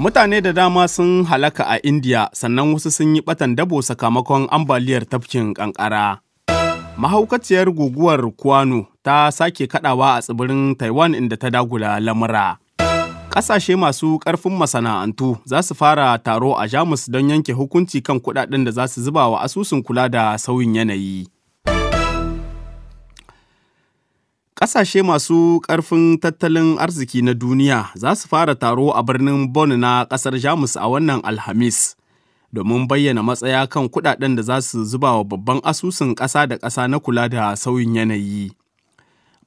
Mutane da dama sun halaka a India sannan wasu sun yi batan dabo sakamakon ambaliyar tafkin kankara. Mahaukaciyar guguwar Kwano ta sake kadawa a tsibirin Taiwan inda ta dagula lamura. Ƙasashe masu ƙarfin masana'antu za su fara taro a Jamus don yanke hukunci kan kuɗaɗen da za su zuba wa asusun kula da sauyin yanayi. Ƙasashe masu ƙarfin tattalin arziki na duniya za su fara taro a birnin Bonn na ƙasar Jamus a wannan Alhamis domin bayyana matsaya kan kuɗaɗen da za su zuba wa babban asusun ƙasa da ƙasa na kula da sauyin yanayi.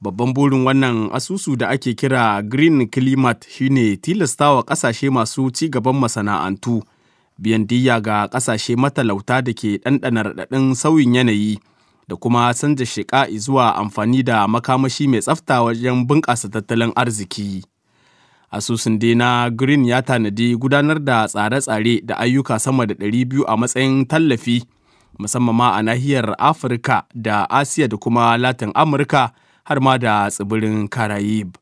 Babban burin wannan asusu da ake kira Green Climate shine tilastawa ƙasashe masu ci gaban masana'antu biyan diya ga ƙasashe matalauta da ke ɗanɗana raɗaɗin sauyin yanayi. da kuma canza sheka zuwa amfani da makamashi mai tsafta wajen bunƙasa tattalin arziki. Asusun na Green ya tanadi gudanar da tsare-tsare da ayyuka sama da ɗari biyu a matsayin tallafi, musamman ma a nahiyar Afirka da Asiya da kuma Latin Amurka har ma da tsibirin Karayib.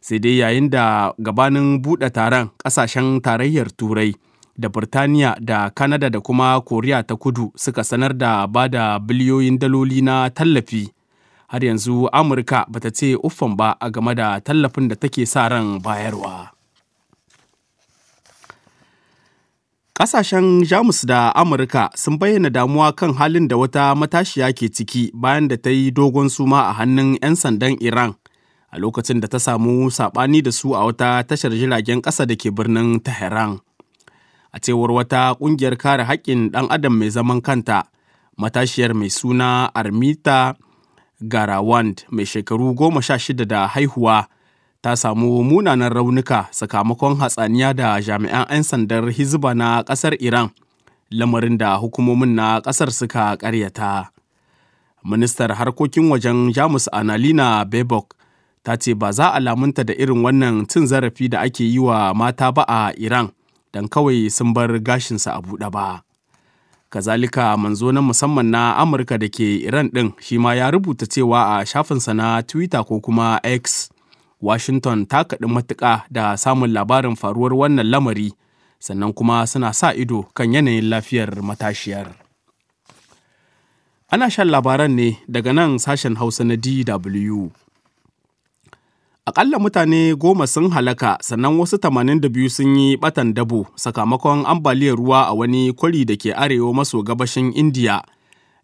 Sai dai yayin da gabanin buɗe taron ƙasashen tarayyar Turai. da Birtaniya da Kanada da kuma Koriya ta kudu suka sanar da ba da biliyoyin daloli na tallafi. Har yanzu Amurka bata ce uffan ba a game da tallafin da take sa ran bayarwa. Ƙasashen Jamus da Amurka sun bayyana damuwa kan halin da wata matashiya ke ciki bayan da ta yi dogon suma a hannun 'yan sandan Iran a lokacin da ta samu saɓani da su a wata tashar jiragen ƙasa da ke birnin Tehran. a cewar wata kungiyar kare haƙƙin ɗan adam mai zaman kanta matashiyar mai suna armita garawand mai shekaru goma sha shida da haihuwa ta samu munanan raunuka sakamakon hatsaniya da jami'an 'yan sandar hizba na ƙasar iran lamarin da hukumomin na ƙasar suka ƙaryata ministar harkokin wajen jamus analina bebok ta ce ba za a lamunta da irin wannan cin zarafi da ake yi wa mata ba a iran don kawai sun bar gashinsa a buɗe ba. Kazalika manzo na musamman na Amurka da ke Iran ɗin shi ma ya rubuta cewa a shafinsa na Twitter ko kuma X. Washington ta kaɗi matuƙa da samun labarin faruwar wannan lamari sannan kuma suna sa ido kan yanayin lafiyar matashiyar. Ana shan labaran ne daga nan sashen Hausa na DW. Akalla mutane goma sun halaka sannan wasu tamanin da biyu sun yi batan dabo sakamakon ambaliyar ruwa a wani kwari da ke arewa maso gabashin Indiya.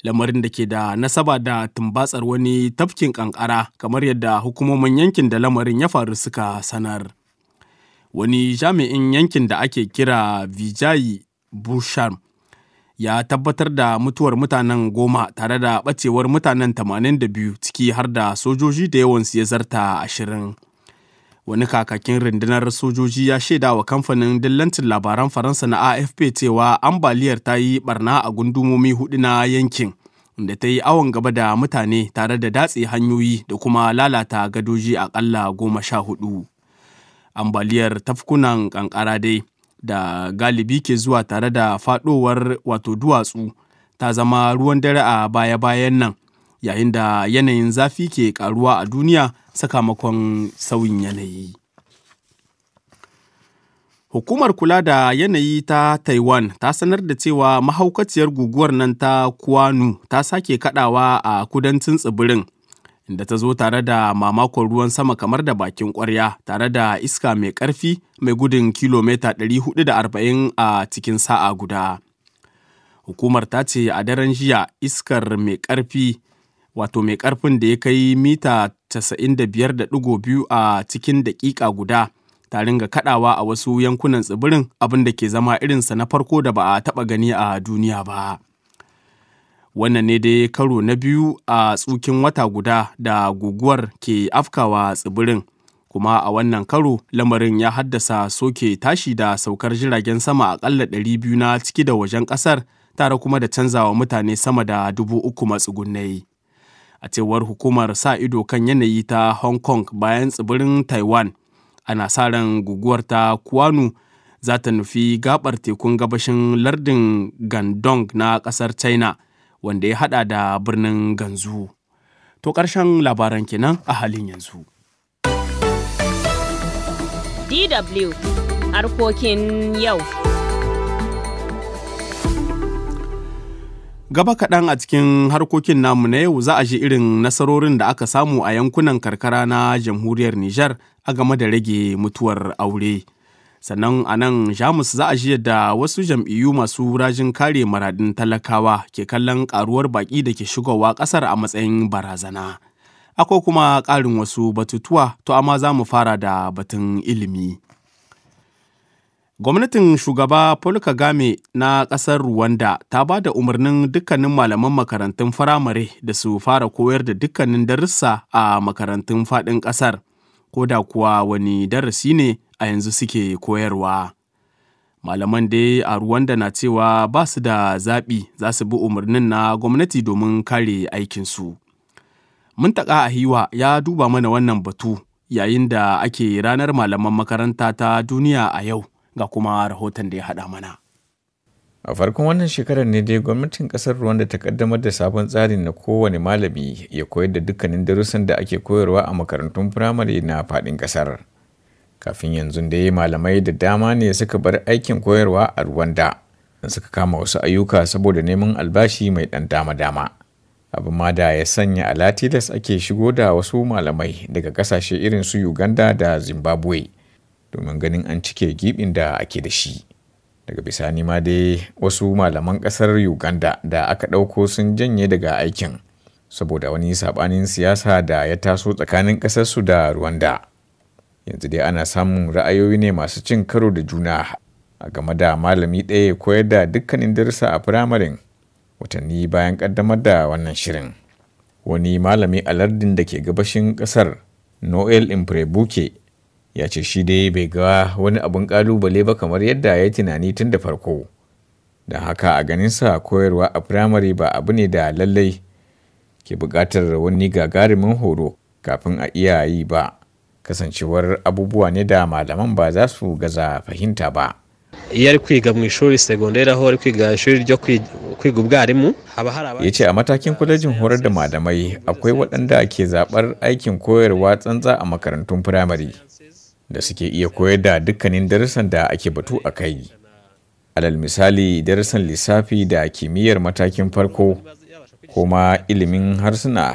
Lamarin da ke da nasaba da tumbatsar wani tafkin kankara kamar yadda hukumomin yankin da lamarin ya faru suka sanar. Wani jami'in yankin da ake kira vijayi busharm ya tabbatar da mutuwar mutanen goma tare da ɓacewar mutanen 82 ciki har da sojoji da yawan ya zarta ashirin. Wani kakakin rundunar sojoji ya shaida wa kamfanin dillancin labaran Faransa na AFP cewa ambaliyar ta yi barna a gundumomi hudu na yankin, inda ta yi awon gaba da mutane tare da datse hanyoyi da kuma lalata gadoji akalla goma sha hudu. Ambaliyar tafkunan kankara dai da galibi ke zuwa tare da faɗowar wato duwatsu ta zama ruwan dare a baya-bayan nan yayin da yanayin zafi ke karuwa a duniya sakamakon sauyin yanayi. Hukumar kula da yanayi ta Taiwan ta sanar da cewa mahaukaciyar guguwar nan ta Kwanu ta sake kadawa a kudancin tsibirin inda ta zo tare da mamakon ruwan sama kamar da bakin kwarya tare da iska mai karfi mai gudun kilomita 440 a cikin sa'a guda. Hukumar ta ce a daren jiya iskar mai karfi wato mai ƙarfin da ya kai mita 95.2 a cikin daƙiƙa guda ta ringa kaɗawa a wasu yankunan tsibirin abinda ke zama irinsa na farko da ba a taɓa gani a duniya ba. wannan ne dai karo na biyu a tsukin wata guda da guguwar ke afkawa tsibirin kuma a wannan karo lamarin ya haddasa soke tashi da saukar jiragen sama akalla biyu na ciki da wajen ƙasar tare kuma da canzawa mutane sama da dubu uku matsugunai a cewar hukumar sa ido kan yanayi ta hong kong bayan tsibirin taiwan ana sa ran guguwar ta kwanu za ta nufi gabar tekun gabashin lardin gandong na kasar china wanda ya hada da birnin Ganzu. To ƙarshen labaran kenan a halin yanzu. DW harkokin yau. Gaba kaɗan a cikin harkokin namu na yau za a ji irin nasarorin da aka samu a yankunan karkara na jamhuriyar Nijar a game da rage mutuwar aure. sannan a nan jamus za a ji yadda wasu jam'iyyu masu rajin kare maradin talakawa ke kallon karuwar baki da ke shigowa kasar a matsayin barazana akwai kuma ƙarin wasu batutuwa to amma za mu fara da batun ilimi gwamnatin shugaba paul kagame na ƙasar rwanda ta ba da umarnin dukkanin malaman makarantun firamare da su fara koyar da dukkanin darussa a makarantun faɗin ƙasar ko da kuwa wani darasi ne a yanzu suke koyarwa. Malaman dai a Rwanda na cewa ba su da zaɓi za su bi umarnin na gwamnati domin kare aikinsu. Muntaka a Hiwa ya duba mana wannan batu yayin da ake ranar malaman makaranta ta duniya a yau ga kuma rahoton da ya haɗa mana. a farkon wannan shekarar ne dai gwamnatin kasar rwanda ta kaddamar da sabon tsarin na kowane malami ya koyar da dukkanin darussan da ake koyarwa a makarantun firamare na faɗin kasar kafin yanzu dai malamai da dama ne suka bar aikin koyarwa a rwanda suka kama wasu ayyuka saboda neman albashi mai ɗan dama-dama abin ma da ya sanya a latilas ake shigo da wasu malamai daga kasashe irin su uganda da zimbabwe domin ganin an cike gibin da ake da shi daga bisani ma dai wasu malaman kasar uganda da aka ɗauko sun janye daga aikin saboda wani saɓanin siyasa da ya taso tsakanin ƙasarsu da rwanda yanzu dai ana samun ra'ayoyi ne masu cin karo da juna a game da malami ɗaya koyar da dukkanin darussa a firamarin watanni bayan ƙaddamar da wannan shirin wani malami a lardin da ke gabashin ƙasar noel imprebuke ya ce shi dai bai ga wani abun kalubale ba kamar yadda ya tunani tun da farko da haka a ganin sa koyarwa a firamare ba abu ne da lallai ke buƙatar wani gagarumin horo kafin a iya yi ba kasancewar abubuwa ne da malaman ba za su gaza fahimta ba. iyo ari kwiga mu ishuri segonderi aho ari kwiga ishuri ryo kwiga ubwarimu haba yace a matakin kwalejin horar da malamai akwai waɗanda ke zaɓar aikin koyarwa tsantsa a makarantun firamare da suke iya koyar da dukkanin darussan da ake batu a kai. Alal misali darussan lissafi da kimiyyar matakin farko kuma ilimin harsuna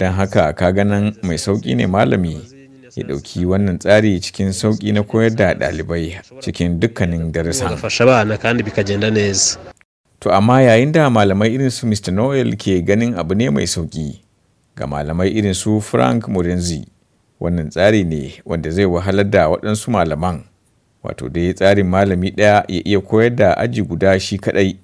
don haka ka ganin mai sauƙi ne malami ya ɗauki wannan tsari cikin sauƙi na koyar da ɗalibai cikin dukkanin darussan. To amma yayin da malamai irin su Mr. Noel ke ganin abu ne mai sauƙi ga malamai irin su Frank Morenzi. wannan tsari ne wanda zai wahalar da waɗansu malaman wato dai tsarin malami ɗaya ya iya koyar da aji guda shi kaɗai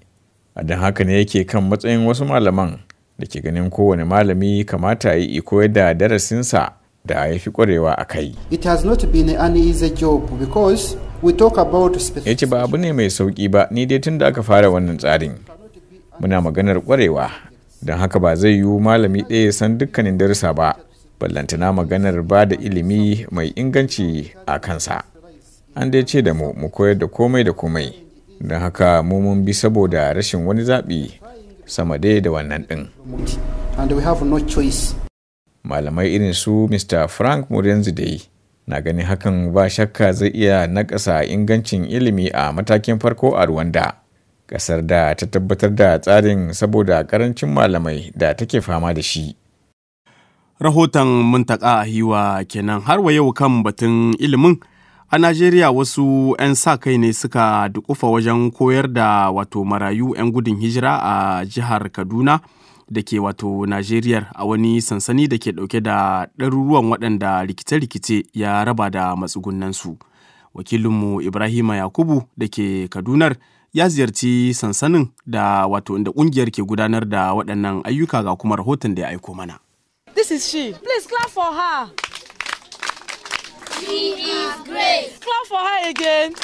a don haka ne yake kan matsayin wasu malaman da ke ganin kowane malami kamata ya yi koyar da darasinsa da ya fi ƙwarewa a kai. It has Ya ce ba abu ne mai sauƙi ba ni dai tun da aka fara wannan tsarin. Muna maganar ƙwarewa don haka ba zai yiwu malami ɗaya ya san dukkanin darussa ba. ballantana maganar ba da ilimi mai inganci a kansa an dai ce da mu mu koyar da komai da komai don haka mu mun bi saboda rashin wani zaɓi sama dai da wannan ɗin malamai irin su mr frank murenzi dai na ganin hakan ba shakka zai iya nakasa ingancin ilimi a matakin farko a rwanda ƙasar da ta tabbatar da tsarin saboda ƙarancin malamai da take fama da shi rahoton muntaka a hiwa kenan har wa yau kan batun ilimin a najeriya wasu 'yan sa kai ne suka dukufa wajen koyar da wato marayu 'yan gudun hijira a jihar kaduna da ke wato najeriya a wani sansani da ke dauke da ɗaruruwan waɗanda rikice-rikice ya raba da matsugunansu wakilinmu ibrahima yakubu da ke kadunar ya ziyarci sansanin da wato inda ƙungiyar ke gudanar da waɗannan ayyuka ga kuma rahoton da ya aiko mana This is she. Please clap for her. She is great. Clap for her again.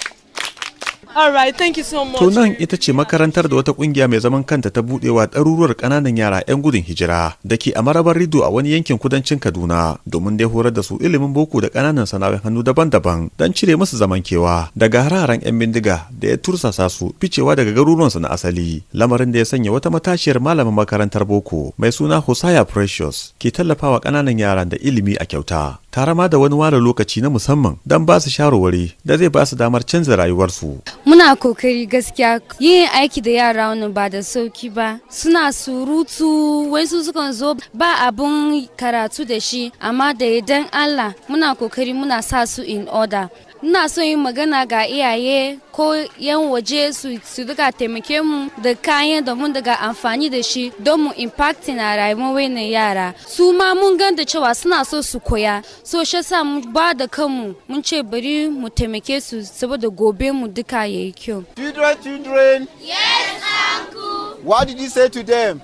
To nan ita ce makarantar da wata kungiya mai zaman kanta ta budewa ɗaruruwar ƙananan yara 'yan gudun hijira da ke a marabar rido a wani yankin kudancin Kaduna domin dai horar da su ilimin boko da ƙananan sana'o'in hannu daban-daban don cire musu zaman kewa, daga hararen 'yan bindiga da ya tursasa su ficewa daga garuruwansu na asali lamarin da ya sanya wata matashiyar malamin makarantar boko mai suna Hosaya Precious ke tallafawa ƙananan yaran da ilimi a kyauta. tare ma da wani ware lokaci na musamman don ba su shawarwari da zai ba su damar canza rayuwarsu. Muna kokari gaskiya yin aiki da yara wani ba da sauki ba suna surutu wai su sukan zo ba abun karatu da shi amma da idan Allah muna kokari muna sa su in order ina son yin magana ga iyaye ko yan waje su duka taimake mu da kayan da mun daga amfani da shi don mu impact na rayuwar wayannan yara su ma mun gan da cewa suna so su koya so shi sa mu ba da kanmu mun ce bari mu taimake su saboda gobe mu duka yayi kyau children children yes uncle what did you say to them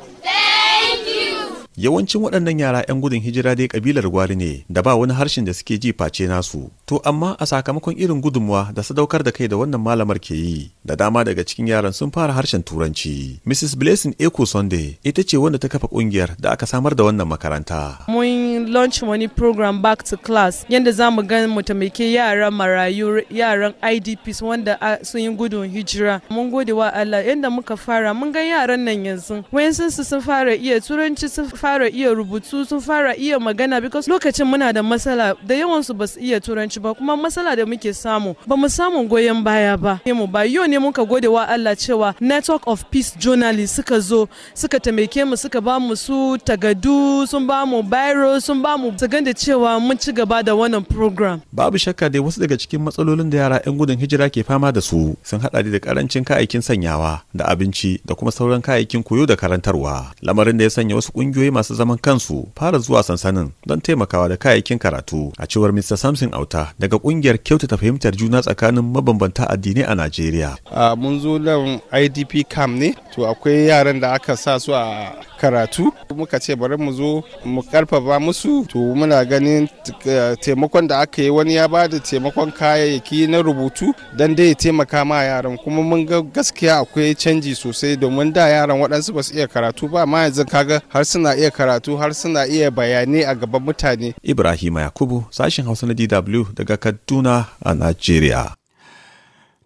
Yawancin waɗannan yara 'yan gudun hijira dai kabilar gwari ne da ba wani harshen da suke ji face nasu. To amma a sakamakon irin gudunmuwa da sadaukar da kai da wannan malamar ke yi da dama daga cikin yaran sun fara harshen Turanci. Mrs. Blessing Eko Sunday ita ce wanda ta kafa ƙungiyar da aka samar da wannan makaranta. Mun launch wani program back to class yadda za mu gan mu taimake yaran marayu yaran IDPs wanda sun yi gudun hijira. Mun gode wa Allah yadda muka fara mun ga yaran nan yanzu. Wayansu sun fara iya Turanci sun fara iya rubutu sun fara iya magana because lokacin muna da matsala da yawan su ba su iya turanci ba kuma matsala da muke samu ba mu samu goyon baya ba mu ba yau ne muka gode wa Allah cewa network of peace journalists suka zo suka taimake mu suka ba mu su tagadu sun ba mu biro sun ba mu da cewa mun ci gaba da wannan program babu shakka dai wasu daga cikin matsalolin da yara 'yan gudun hijira ke fama da su sun hada da karancin kayayyakin sanyawa da abinci da kuma sauran kayayyakin koyo da karantarwa lamarin da ya sanya wasu kungiyoyi masu zaman kansu fara zuwa sansanin don taimakawa da kayayyakin karatu a cewar Mr. Samson Auta daga kungiyar kyautata fahimtar juna tsakanin mabambanta addini a Najeriya. mun zo nan IDP camp ne to akwai yaran da aka sa su a karatu muka ce bari mu zo mu karfafa musu to muna ganin eh, taimakon da aka yi wani ya ba da taimakon kayayyaki na rubutu don dai ya taimaka ma yaran kuma mun ga gaskiya akwai canji sosai domin da yaran waɗansu ba su iya karatu ba ma yanzu kaga har suna iya iya karatu har suna iya bayanai a gaban mutane. Ibrahim Yakubu sashen Hausa na DW daga Kaduna a Najeriya.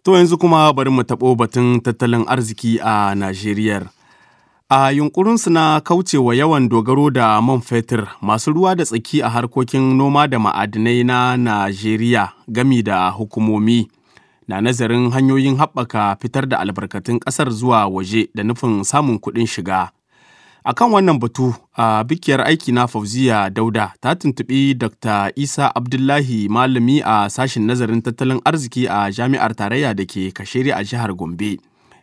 To yanzu kuma bari mu taɓo batun tattalin arziki a Najeriya. A yunkurinsu na kaucewa yawan dogaro da man fetur masu ruwa da tsaki a harkokin noma da ma'adinai na Najeriya gami da hukumomi na nazarin hanyoyin haɓaka fitar da albarkatun ƙasar zuwa waje da nufin samun kuɗin shiga. A kan wannan batu a bikiyar aikina Fauziya Dauda ta tuntubi Dr. Isa Abdullahi malami a sashen nazarin tattalin arziki a jami'ar tarayya da ke Kashiri a jihar Gombe.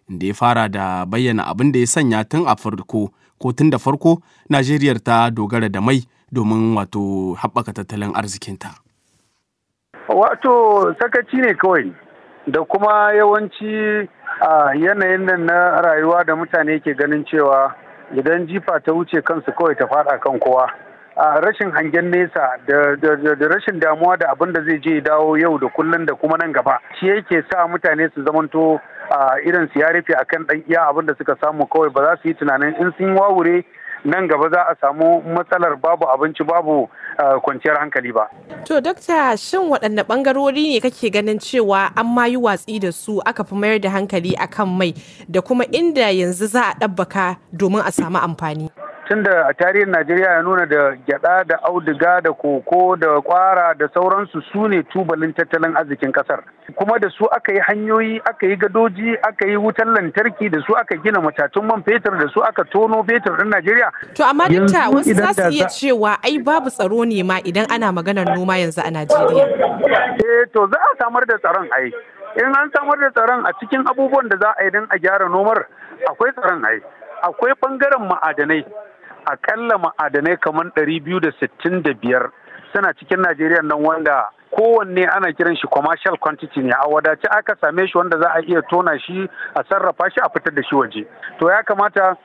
Da ya fara da bayyana abin da ya sanya tun a farko ko tun da farko Najeriya ta dogara da mai domin wato haɓaka tattalin arzikinta. Wato sakaci ne kawai da kuma yawanci a yanayin nan na rayuwa da mutane ke ganin cewa idan jifa ta wuce kansu kawai ta fada kan kowa a rashin hangen nesa da rashin damuwa da abin da zai je dawo yau da kullum da kuma nan gaba shi yake sa mutane su zamanto a irin su ya rufe akan dan iya abin da suka samu kawai ba za su yi tunanin in sun wawure nan gaba za a samu matsalar babu abinci babu eh, kwanciyar hankali ba. To dokta shin waɗanne ɓangarori ne kake ganin cewa an ma yi watsi da su aka fi mayar da hankali akan mai da kuma inda yanzu za a ɗabbaka domin a samu amfani. tunda a tarihin najeriya ya nuna da gyada da auduga da koko da kwara da sauransu su ne tubalin tattalin arzikin kasar kuma da su aka yi hanyoyi aka yi gadoji aka yi wutar lantarki da su aka gina matatun man fetur da su aka tono fetur din najeriya to amma dinta wasu za su iya cewa ai babu tsaro ne ma idan ana maganar noma yanzu a najeriya eh to za a samar da tsaron ai in an samar da tsaron a cikin abubuwan da za a yi don a gyara nomar akwai tsaron ai akwai bangaren ma'adanai akalla ma'adanai kamar biyar suna cikin najeriya nan wanda kowanne ana kiran shi commercial quantity ne a wadace aka same shi wanda za a iya tona shi a sarrafa shi a fitar da shi waje to ya kamata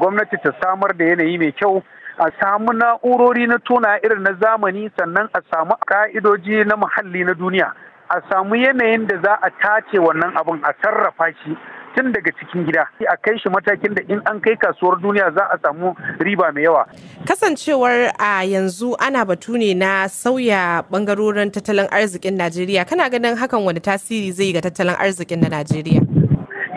gwamnati ta samar da yanayi mai kyau a samu na'urori na tona irin na zamani sannan a samu ka'idoji na muhalli na duniya a samu yanayin da za a tace wannan abin a sarrafa shi tun daga cikin gida a kai shi matakin da in an kai kasuwar duniya za a samu riba mai yawa kasancewar a yanzu ana batu ne na sauya bangarorin tattalin arzikin najeriya kana ganin hakan wani tasiri zai ga tattalin arzikin na najeriya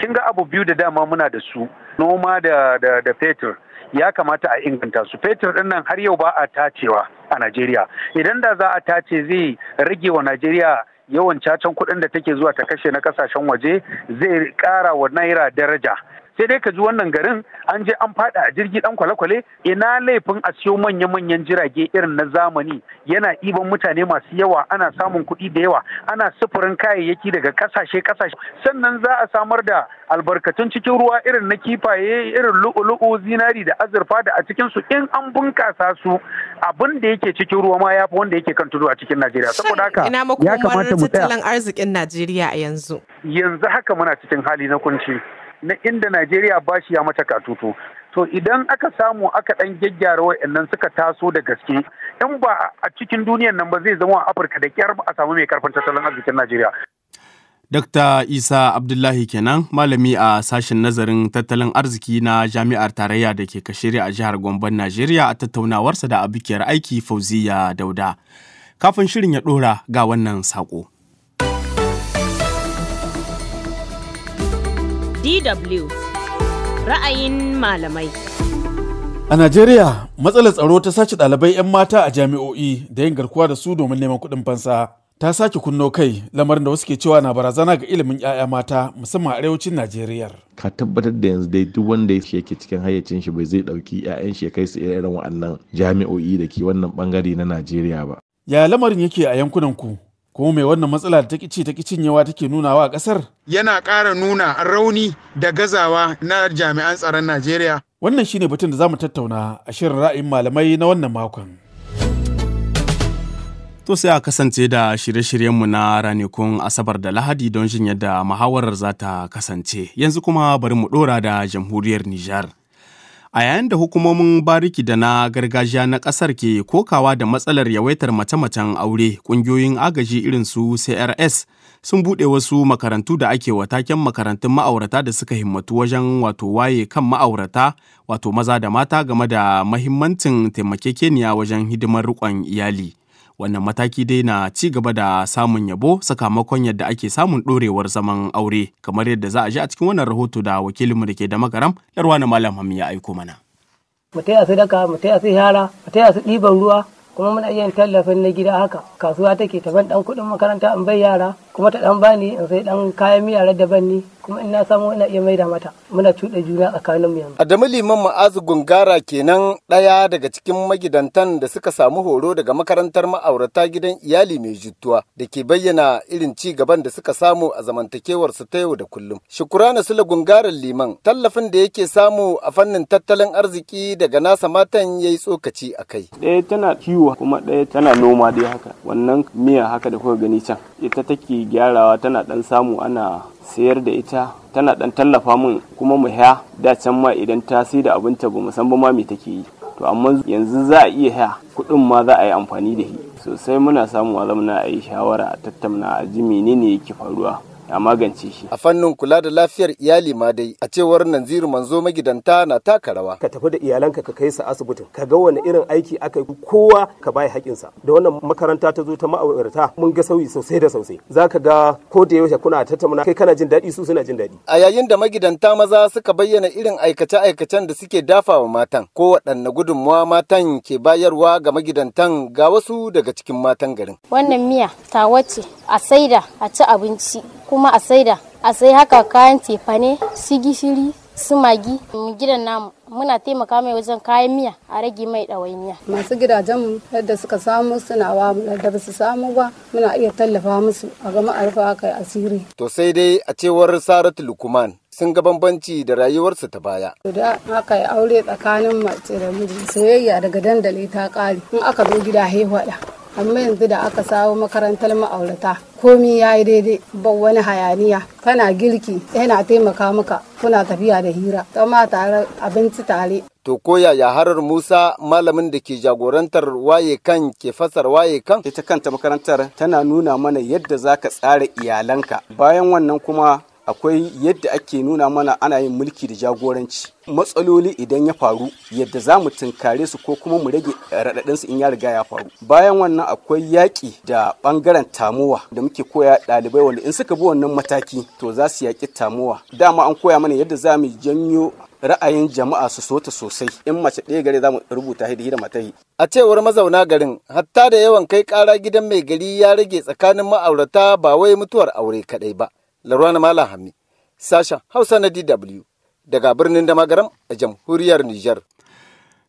kin ga abu biyu da dama muna da su noma da da fetur ya kamata a inganta su fetur din nan har yau ba a tacewa a najeriya idan da za a tace zai rage wa najeriya yawan cacan kuɗin da take zuwa ta kashe na ƙasashen waje zai ƙara wa naira daraja sai dai ka ji wannan garin an je an fada a jirgi dan kwale-kwale ina laifin a siyo manya-manyan jirage irin na zamani yana iban mutane masu yawa ana samun kuɗi da yawa ana sufurin kayayyaki daga kasashe kasashe sannan za a samar da albarkatun cikin ruwa irin na kifaye irin lu'u-lu'u, zinari da azurfa da a cikin su in an bunkasa su abin da yake cikin ruwa ma yafi wanda yake kan tudu a cikin Najeriya saboda haka ya kamata mu tsaya arzikin Najeriya a yanzu yanzu haka muna cikin hali na kunci na inda Najeriya shi ya mata katutu. To idan aka samu aka ɗan gyaggyara wa'annan suka taso da gaske, in ba a cikin duniyan nan ba zai zama a Afirka da kyar a samu mai karfin tattalin arzikin Najeriya. Dr. Isa Abdullahi kenan malami a sashen nazarin tattalin arziki na jami'ar tarayya da ke kashiri a jihar Gombon Najeriya a tattaunawarsa da abokiyar aiki Fauziya Dauda. Kafin shirin ya ɗora ga wannan saƙo. DW ra'ayin malamai. A Najeriya, matsalar tsaro ta sace ɗalibai 'yan mata a jami'o'i da yin garkuwa da su domin neman kuɗin fansa. Ta sake kunno kai lamarin da wasu ke cewa na barazana ga ilimin 'ya'ya mata musamman a arewacin Najeriya. Ka tabbatar da yanzu dai duk wanda ya yake cikin hayyacin shi bai zai ɗauki 'ya'yan shi ya kai su irin wa'annan jami'o'i da ke wannan bangare na Najeriya ba. Ya lamarin yake a yankunan ku? ko me wannan matsala da ta ta take yawa take nunawa a kasar yana ƙara nuna rauni da gazawa na jami'an tsaron Najeriya wannan shine batun da zamu tattauna a shirin ra'ayin malamai na wannan makon to sai a kasance da shirye-shiryenmu na ranakun asabar da lahadi don jin yadda muhawarar za ta kasance yanzu kuma bari mu dora da jamhuriyar Nijar. a yayin da hukumomin bariki da na gargajiya na kasar ke kokawa da matsalar yawaitar mace-macen aure kungiyoyin agaji irin su crs sun buɗe wasu makarantu da ake wa taken makarantun ma'aurata da suka himmatu wajen wato waye kan ma'aurata wato maza da mata game da mahimmancin taimakekeniya wajen hidimar riƙon iyali wannan mataki dai na ci gaba da samun yabo sakamakon yadda ake samun ɗorewar zaman aure kamar yadda za a ji a cikin wannan rahoto da wakilinmu da ke da magaram na malam hami ya aiko mana mu taya su daka mu taya su shara mu taya su ɗiban ruwa kuma muna iya tallafin na gida haka kasuwa take ta ban ɗan kuɗin makaranta in bai yara kuma ta dan bani in sai dan kayan miya da banni kuma ina samu ina iya maida mata muna cuɗa juna tsakanin mu yanzu Adamu Liman Ma'azu Gungara kenan ɗaya daga cikin magidantan da suka samu horo daga makarantar ma'aurata gidan iyali mai jituwa da ke bayyana irin ci gaban da suka samu a zamantakewar su ta yau da kullum Shukurana Sula gungarar Liman tallafin da yake samu a fannin tattalin arziki daga nasa matan ya yi tsokaci a kai ɗaya tana kiwo kuma ɗaya tana noma dai haka wannan miya haka da kuka gani can ita take gyarawa tana dan samu ana sayar da ita tana dan tallafa min kuma mu ha da can ma idan ta sai da abinta ba san ba ma me take yi to amma yanzu za a iya ha kudin ma za a yi amfani da shi sosai muna samu a zamana a yi shawara a tattauna a ji menene yake faruwa a magance shi. A fannin kula da lafiyar iyali ma dai a cewar Nanziru Manzo magidanta na taka rawa. Ka tafi da iyalanka ka kai su asibitin ka ga wani irin aiki aka yi kowa ka bai haƙinsa. Da wannan makaranta ta zo ta ma'aurata mun ga sauyi sosai da sosai. Za ka ga ko da yaushe kuna tattauna kai kana jin daɗi su suna jin daɗi. A yayin da magidanta maza suka bayyana irin aikace-aikacen da suke dafawa matan ko waɗanne gudunmuwa matan ke bayarwa ga magidantan ga wasu daga cikin matan garin. Wannan miya tawace a saida a ci abinci kuma a saida a sai haka kayan tefane su gishiri su magi gidan namu muna taimaka mai wajen kayan miya a rage mai ɗawainiya. Masu gidajen mu yadda suka samu suna wa da su samu ba muna iya tallafa musu a gama a rufa kai asiri. To sai dai a cewar Saratu Lukuman sun ga bambanci da rayuwarsa ta baya. Da aka yi aure tsakanin mace da miji soyayya daga dandali ta kare in aka zo gida haihuwa amma yanzu da aka sawo makarantar ma'aurata komi ya yi daidai ba wani hayaniya tana girki yana taimaka maka kuna tafiya da hira zama tare abinci tare to ko yaya harar musa malamin da ke jagorantar waye kan ke fasar waye kan ita kanta makarantar tana nuna mana yadda za ka tsara iyalanka bayan wannan kuma akwai yadda ake nuna mana ana yin mulki da jagoranci matsaloli idan ya faru yadda za mu tunkare su ko kuma mu rage su in ya riga ya faru bayan wannan akwai yaƙi da ɓangaren tamowa da muke koya ɗalibai wanda in suka bi wannan mataki to za su yaƙi tamowa dama an koya mana yadda za mu janyo ra'ayin jama'a su sota sosai in mace ɗaya gare za mu rubuta hidi da matahi. A cewar mazauna garin, hatta da yawan kai ƙara gidan mai gari ya rage tsakanin ma'aurata ba wai mutuwar aure kaɗai ba. Larwana Malam Hammi, sashen Hausa na DW daga birnin Damagaram a jamhuriyar Nijar.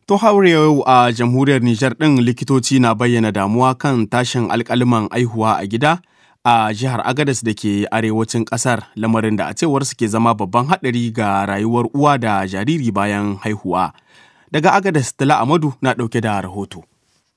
To yau a jamhuriyar Nijar ɗin likitoci na bayyana damuwa kan tashin alkaliman aihuwa a gida a jihar Agadas da ke arewacin ƙasar lamarin da a cewar suke zama babban haɗari ga rayuwar uwa da jariri bayan haihuwa. Daga Agadas Tala Amadu na ɗauke da rahoto.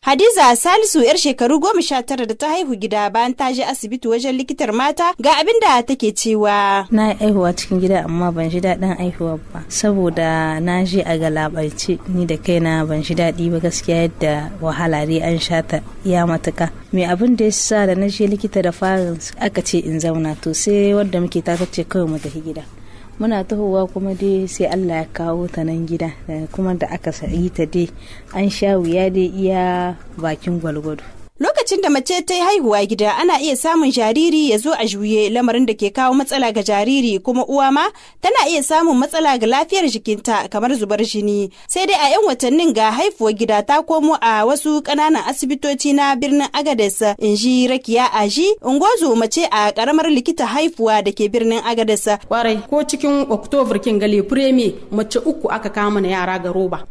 Hadiza Salisu yar shekaru goma sha tara da ta haihu gida bayan ta je asibiti wajen likitar mata ga abin da take cewa. Na yi aihuwa cikin gida amma ban ji daɗin aihuwa ba saboda na je a galabarci ni da kai na ban ji daɗi ba gaskiya yadda wahala dai an sha ta ya matuka. Mai abin da ya sa da na je likita da farin aka ce in zauna to sai wanda muke ta ce kawai mu tafi gida. muna tahowa kuma dai sai allah ya kawo ta nan gida eh, kuma da aka yi ta dai an sha wuya dai iya bakin gwalgwado lokacin da mace ta yi haihuwa gida ana iya samun jariri ya zo a juye lamarin da ke kawo matsala ga jariri kuma uwa ma tana iya samun matsala ga lafiyar jikinta kamar zubar jini sai dai a 'yan watannin ga haifuwa gida ta komo a wasu ƙananan asibitoci na birnin agadas in ji rakiya aji ungozo mace a karamar likita haifuwa da ke birnin agadas kwarai ko cikin oktobar kin gale fure mace uku aka kama na yara ga roba